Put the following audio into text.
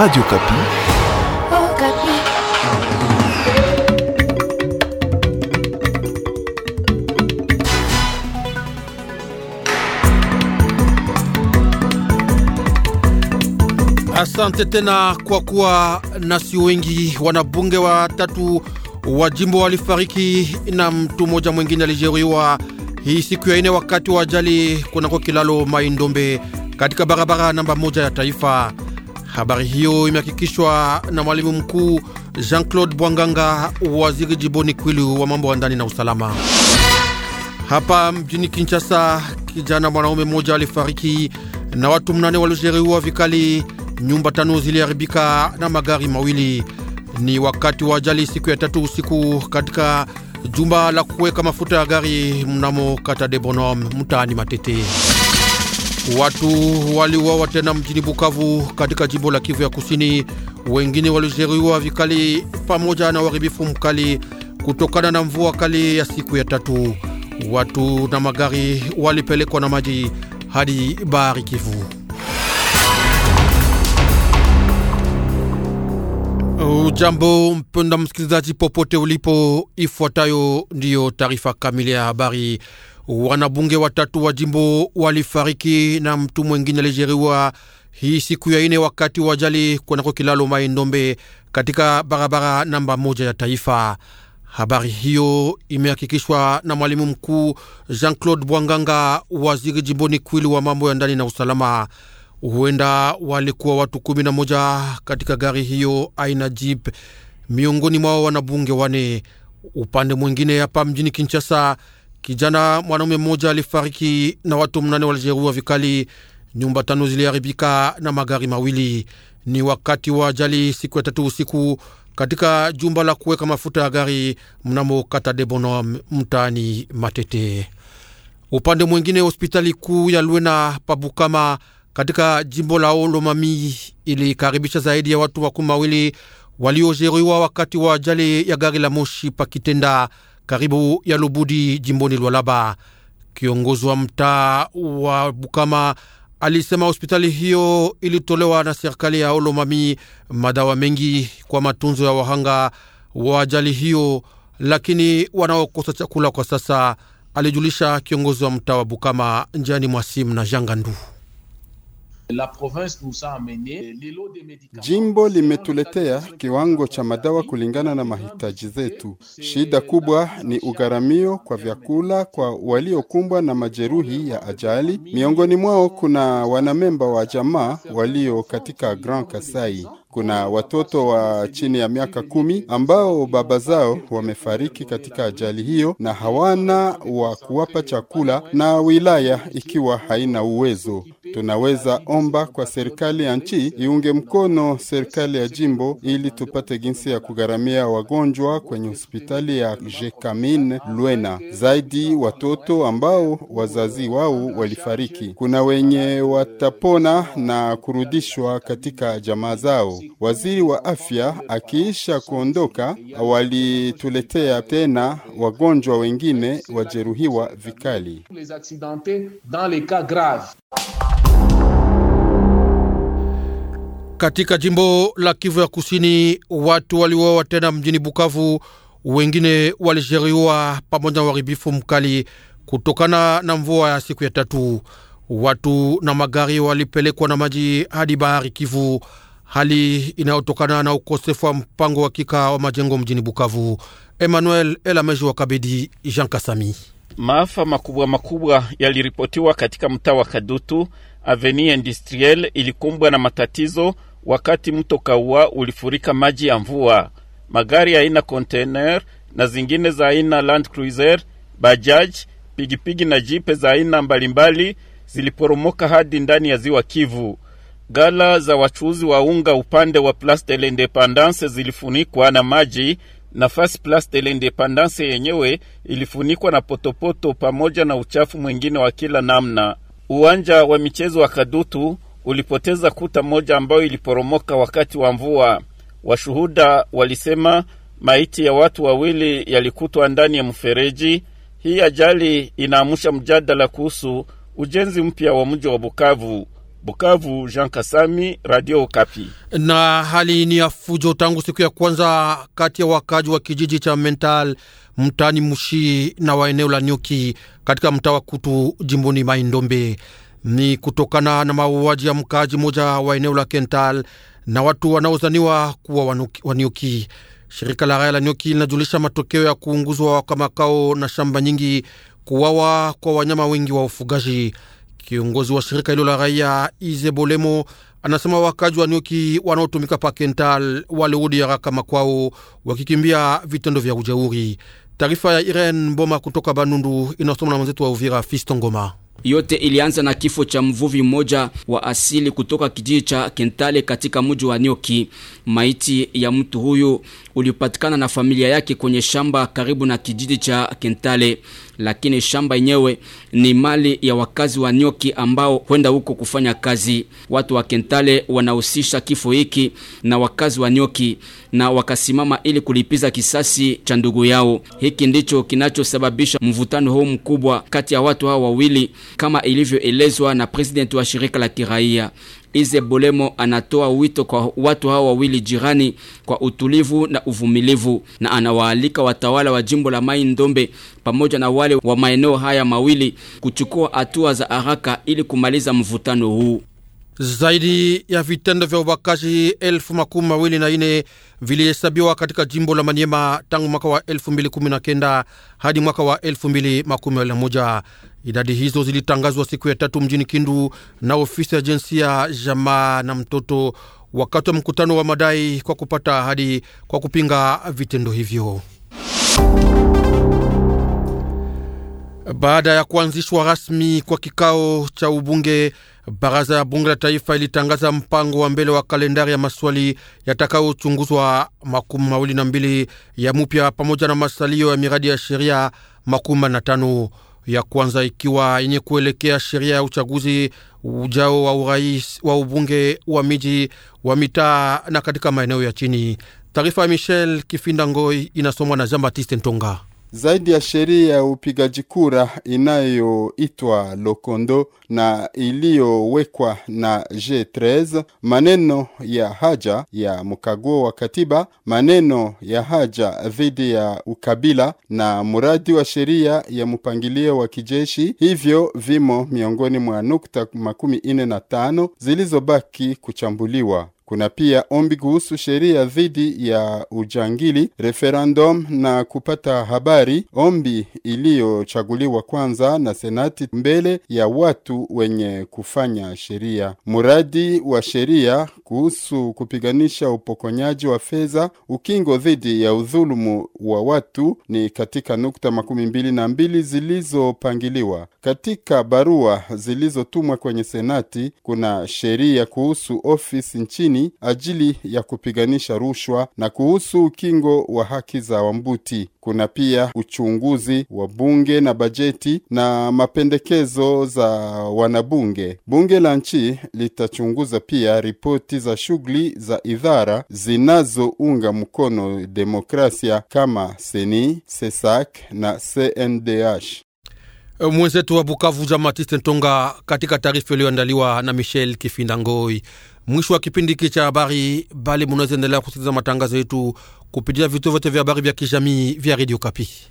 Radio Kapi. Oh, Kapi. Asante tena kwa kuwa nasi wengi. Wanabunge wa tatu wa jimbo walifariki na mtu mmoja mwingine alijeruhiwa hii siku ya ine wakati wa ajali kunako kilalo maindombe katika barabara namba moja ya taifa. Habari hiyo imehakikishwa na mwalimu mkuu Jean-Claude Bwanganga, waziri jiboni Kwilu wa mambo ya ndani na usalama. Hapa mjini Kinshasa, kijana mwanaume mmoja alifariki na watu mnane waliojeruhiwa vikali, nyumba tano ziliharibika na magari mawili. Ni wakati wa ajali siku ya tatu usiku katika jumba la kuweka mafuta ya gari mnamo kata de Bonhomme mtaani Matete. Watu waliuawa tena mjini Bukavu katika jimbo la Kivu ya Kusini, wengine walijeruhiwa vikali pamoja na uharibifu mkali kutokana na mvua kali ya siku ya tatu. Watu na magari walipelekwa na maji hadi bahari Kivu. Ujambo mpenda msikilizaji, popote ulipo, ifuatayo ndiyo taarifa kamili ya habari. Wanabunge watatu wa jimbo walifariki na mtu mwengine alijeriwa hii siku ya ine wakati wa ajali kunako kilalo Mai katika barabara namba moja ya taifa. Habari hiyo imehakikishwa na mwalimu mkuu Jean-Claude Bwanganga, waziri jimboni Kwili wa mambo ya ndani na usalama. Huenda walikuwa watu kumi na moja katika gari hiyo aina jeep, miongoni mwao wanabunge wane. Upande mwingine hapa mjini Kinshasa Kijana mwanaume mmoja alifariki na watu mnane walijeruhiwa vikali, nyumba tano ziliharibika na magari mawili. Ni wakati wa ajali siku ya tatu usiku katika jumba la kuweka mafuta ya gari mnamo kata de Debona mtaani Matete. Upande mwingine, hospitali kuu ya Lwena Pabukama katika jimbo la Olomami ilikaribisha zaidi ya watu makumi mawili waliojeruhiwa wakati wa ajali ya gari la moshi Pakitenda karibu ya Lubudi jimboni Lwalaba. Kiongozi wa mtaa wa Bukama alisema hospitali hiyo ilitolewa na serikali ya Olomami madawa mengi kwa matunzo ya wahanga wa ajali hiyo, lakini wanaokosa chakula kwa sasa, alijulisha kiongozi wa mtaa wa Bukama njiani mwa simu na Jangandu. La province nous a amené de médicaments. Jimbo limetuletea kiwango cha madawa kulingana na mahitaji zetu. Shida kubwa ni ugharamio kwa vyakula kwa waliokumbwa na majeruhi ya ajali. Miongoni mwao kuna wanamemba wa jamaa walio katika Grand Kasai kuna watoto wa chini ya miaka kumi ambao baba zao wamefariki katika ajali hiyo na hawana wa kuwapa chakula, na wilaya ikiwa haina uwezo. Tunaweza omba kwa serikali ya nchi iunge mkono serikali ya jimbo ili tupate jinsi ya kugharamia wagonjwa kwenye hospitali ya Jekamin lwena Zaidi watoto ambao wazazi wao walifariki, kuna wenye watapona na kurudishwa katika jamaa zao. Waziri wa afya akiisha kuondoka, walituletea tena wagonjwa wengine wajeruhiwa vikali. Katika jimbo la Kivu ya Kusini, watu waliuawa tena mjini Bukavu, wengine walijeruhiwa pamoja na uharibifu mkali kutokana na mvua ya siku ya tatu. Watu na magari walipelekwa na maji hadi bahari Kivu hali inayotokana na ukosefu wa mpango kika wa majengo mjini Bukavu. Emmanuel Elameji wa Kabedi, Jean Kasami. Maafa makubwa makubwa yaliripotiwa katika mtaa wa Kadutu. Avenue Industrielle ilikumbwa na matatizo wakati mto Kaua ulifurika maji ya mvua. Magari aina container na zingine za aina Land Cruiser, bajaj, pigipigi na jipe za aina mbalimbali ziliporomoka hadi ndani ya ziwa Kivu. Gala za wachuuzi wa unga upande wa Place de l'Independance zilifunikwa na maji. Nafasi Place de l'Independance yenyewe ilifunikwa na potopoto pamoja na uchafu mwingine wa kila namna. Uwanja wa michezo wa Kadutu ulipoteza kuta moja ambayo iliporomoka wakati wa mvua. Washuhuda walisema maiti ya watu wawili yalikutwa ndani ya mfereji. Hii ajali inaamusha mjadala kuhusu ujenzi mpya wa mji wa Bukavu. Bukavu, Jean Kasami, Radio Kapi. Na hali ni ya fujo tangu siku ya kwanza kati ya wakaji wa kijiji cha Mental mtaani Mushi na wa eneo la Nyuki katika mtaa wa Kutu jimboni Maindombe. Ni kutokana na mauaji ya mkaaji moja wa eneo la Kental na watu wanaozaniwa kuwa Wanyuki. Shirika la raya la Nyuki linajulisha matokeo ya kuunguzwa kwa makao na shamba nyingi, kuwawa kwa wanyama wengi wa ufugaji. Kiongozi wa shirika hilo la raia bolemo anasema wakaji wa Nioki wanaotumika pa Kental walirudi haraka makwao wakikimbia vitendo vya ujeuri. Taarifa ya Irene Mboma kutoka Banundu inasoma na mwenzetu wa Uvira Fisto Ngoma. Yote ilianza na kifo cha mvuvi mmoja wa asili kutoka kijiji cha Kentale katika mji wa Nioki. Maiti ya mtu huyu ulipatikana na familia yake kwenye shamba karibu na kijiji cha Kentale lakini shamba yenyewe ni mali ya wakazi wa Nyoki ambao kwenda huko kufanya kazi. Watu wa Kentale wanahusisha kifo hiki na wakazi wa Nyoki na wakasimama ili kulipiza kisasi cha ndugu yao. Hiki ndicho kinachosababisha mvutano huu mkubwa kati ya watu hao wawili kama ilivyoelezwa na president wa shirika la kiraia. Ize Bolemo anatoa wito kwa watu hawa wawili jirani kwa utulivu na uvumilivu, na anawaalika watawala wa jimbo la Mai Ndombe pamoja na wale wa maeneo haya mawili kuchukua hatua za haraka ili kumaliza mvutano huu. Zaidi ya vitendo vya ubakaji elfu makumi mawili na ine vilihesabiwa katika jimbo la Maniema tangu mwaka wa elfu mbili kumi na kenda hadi mwaka wa elfu mbili makumi mawili na moja. Idadi hizo zilitangazwa siku ya tatu mjini Kindu na ofisi ya jinsia, jamaa na mtoto wakati wa mkutano wa madai kwa kupata ahadi kwa kupinga vitendo hivyo. Baada ya kuanzishwa rasmi kwa kikao cha ubunge, baraza ya bunge la taifa ilitangaza mpango wa mbele wa kalendari ya maswali yatakayochunguzwa makumi mawili na mbili ya mupya pamoja na masalio ya miradi ya sheria makumi na tano ya kwanza ikiwa yenye kuelekea sheria ya uchaguzi ujao wa urais wa ubunge wa miji wa mitaa na katika maeneo ya chini. Taarifa ya Michel Kifinda Ngoi inasomwa na Jean Baptiste Ntonga zaidi ya sheria ya upigaji kura inayoitwa Lokondo na iliyowekwa na G13, maneno ya haja ya mkaguo wa katiba, maneno ya haja dhidi ya ukabila na mradi wa sheria ya mpangilio wa kijeshi, hivyo vimo miongoni mwa nukta makumi ine na tano zilizobaki kuchambuliwa. Kuna pia ombi kuhusu sheria dhidi ya ujangili, referendum na kupata habari, ombi iliyochaguliwa kwanza na senati mbele ya watu wenye kufanya sheria, mradi wa sheria kuhusu kupiganisha upokonyaji wa fedha, ukingo dhidi ya udhulumu wa watu ni katika nukta makumi mbili na mbili zilizopangiliwa katika barua zilizotumwa kwenye senati. Kuna sheria kuhusu ofisi nchini duniani ajili ya kupiganisha rushwa na kuhusu ukingo wa haki za Wambuti. Kuna pia uchunguzi wa bunge na bajeti na mapendekezo za wanabunge. Bunge la nchi litachunguza pia ripoti za shughuli za idhara zinazounga mkono demokrasia kama seni, sesak na CNDH. Mwenzetu wa Bukavu, Jean Baptiste Ntonga, katika taarifa iliyoandaliwa na Michel Kifindangoi. Mwisho wa kipindi hiki cha habari, bali munaweza endelea kusikiliza matangazo yetu kupitia vituo vyote vya habari vya kijamii vya Radio Kapi.